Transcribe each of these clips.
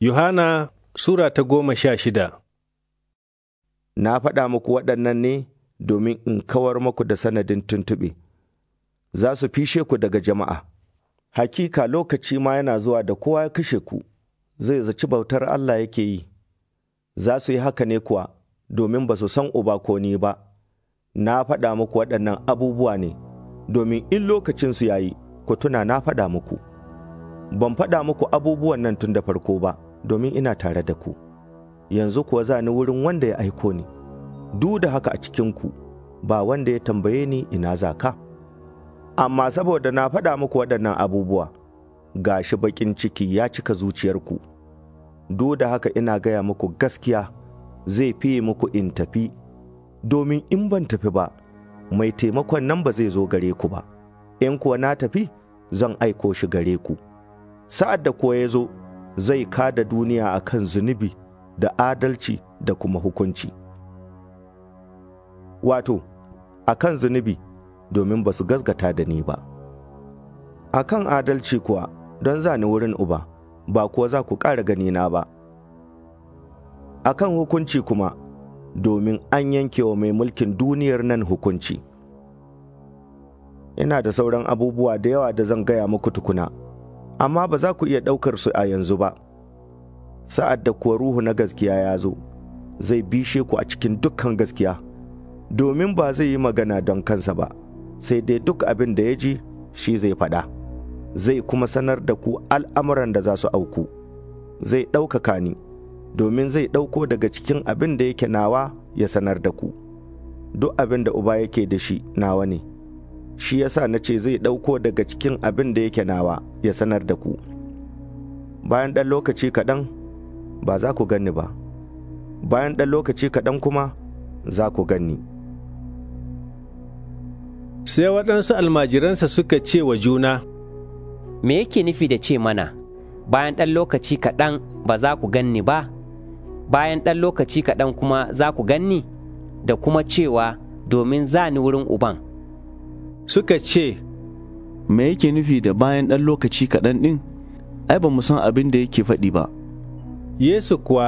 Yohana Sura ta goma sha shida Na faɗa muku waɗannan ne domin in kawar muku da sanadin tuntuɓe, za su fishe ku daga jama'a. Hakika lokaci ma yana zuwa da kowa ya kashe ku, zai zaci bautar Allah yake yi, za su yi haka ne kuwa domin ba su san uba ko ni ba. Na faɗa muku waɗannan abubuwa ne, domin in lokacinsu ya yi ku tuna na faɗa muku. Ban faɗa muku abubuwan nan tun da farko ba. domin ina tare da ku, yanzu kuwa za ni wurin wanda ya aiko ni, duk da haka a cikinku ba wanda ya tambaye ni ina za ka. Amma saboda na faɗa muku waɗannan abubuwa, ga shi baƙin ciki ya cika zuciyarku, duk da haka ina gaya muku gaskiya zai fi muku in tafi, domin in ban tafi ba, mai taimakon nan ba zai zo gare ku ba, in kuwa na tafi zan aiko shi gare ku. Sa'ad da kuwa ya zo, zai kada duniya a kan zunubi da adalci da kuma hukunci. Wato, a kan zunubi domin ba su gasgata da ni ba. A kan adalci kuwa don zani wurin uba, ba kuwa za ku ƙara ganina ba. A kan hukunci kuma domin an yanke wa mai mulkin duniyar nan hukunci. Ina da sauran abubuwa da yawa da zan gaya muku tukuna. amma ba za ku iya ɗaukar su a yanzu ba. Sa'ad da kuwa Ruhu na gaskiya ya zo, zai bishe ku a cikin dukkan gaskiya, domin ba zai yi magana don kansa ba, sai dai duk abin da ya ji shi zai faɗa. Zai kuma sanar da ku al'amuran da za su auku, zai ɗaukaka ni, domin zai ɗauko daga cikin abin da yake nawa ya sanar da ku. Duk abin da Uba yake da shi nawa ne. shi yasa na ce zai ɗauko daga cikin abin da yake nawa ya sanar da ku bayan ɗan lokaci kaɗan ba za ku ganni ba bayan ɗan lokaci kaɗan kuma za ku ganni sai waɗansu almajiransa suka ce wa juna me yake nufi da ce mana bayan ɗan lokaci kaɗan ba za ku ganni ba bayan ɗan lokaci kaɗan kuma za ku ganni da kuma cewa domin za ni wurin uban suka ce, Me yake nufi da bayan ɗan lokaci kaɗan ɗin, ai ba mu san abin da yake faɗi ba. Yesu kuwa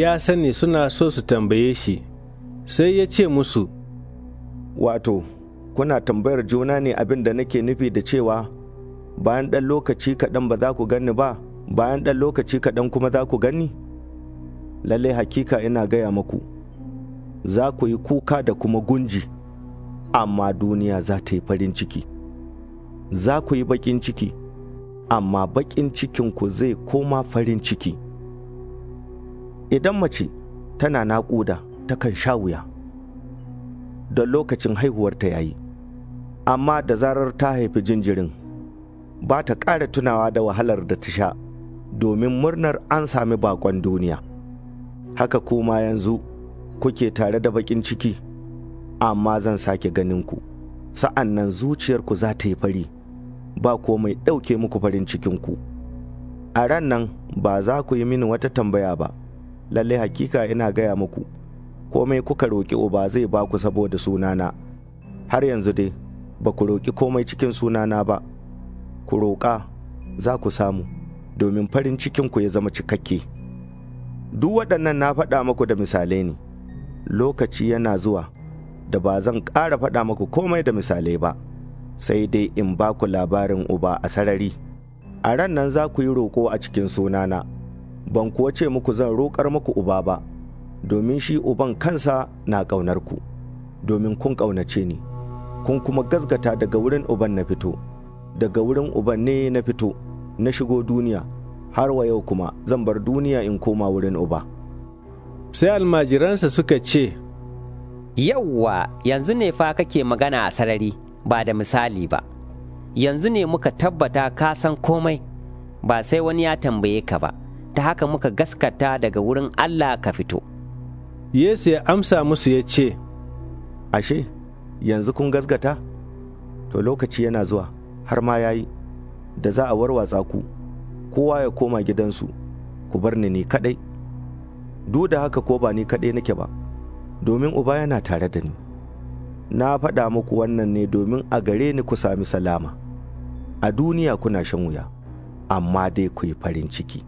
ya sani suna so su tambaye shi, sai ya ce musu, Wato, kuna tambayar juna ne abin da nake nufi da cewa, bayan ɗan lokaci kaɗan ba za ku gani ba, bayan ɗan lokaci kaɗan kuma za ku gani? Lallai hakika ina gaya maku, za ku yi kuka da kuma gunji. amma duniya za ta yi farin ciki za ku yi baƙin ciki amma baƙin cikinku zai koma farin ciki idan mace tana naƙuda takan sha wuya da lokacin haihuwarta yayi amma da zarar ta haifi jinjirin ba ta ƙara tunawa da wahalar da ta sha domin murnar an sami bakon duniya haka kuma yanzu kuke tare da baƙin ciki amma zan sake ganin ku sa'an nan zuciyarku za ta yi fari ba ko mai ɗauke muku farin cikinku a ran nan ba za ku yi mini wata tambaya ba lalle hakika ina gaya muku komai kuka roki uba zai ba ku saboda sunana har yanzu dai ba ku roƙi komai cikin sunana ba ku roƙa za ku samu domin farin cikinku ya zama cikakke duk waɗannan na faɗa muku da misalai ne lokaci yana zuwa da ba zan ƙara faɗa muku komai da misalai ba, sai dai in ba ku labarin uba a sarari. A ran nan za ku yi roƙo a cikin sunana, ban kuwa ce muku zan roƙar muku uba ba, domin shi uban kansa na ƙaunar ku, domin kun ƙaunace ni, kun kuma gazgata daga wurin uban na fito, daga wurin uban ne na fito, na shigo duniya, har wa yau kuma zan bar duniya in koma wurin uba. Sai almajiransa suka ce, Yauwa yanzu ne fa kake magana a sarari ba da misali ba, yanzu ne muka tabbata ka san komai ba sai wani ya tambaye ka ba, ta haka muka gaskata daga wurin Allah ka fito. Yesu ya amsa musu ya ce, Ashe, yanzu kun gaskata? To lokaci yana zuwa, har ma ya yi, da za a warwatsa ku, kowa ya koma gidansu, ku bar ni ni kaɗai. Duk da haka ko ba ni kaɗai nake ba. domin uba yana tare da ni na faɗa muku wannan ne domin a gare ni ku sami salama a duniya kuna shan wuya amma dai ku yi farin ciki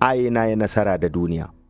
ayina ya nasara da duniya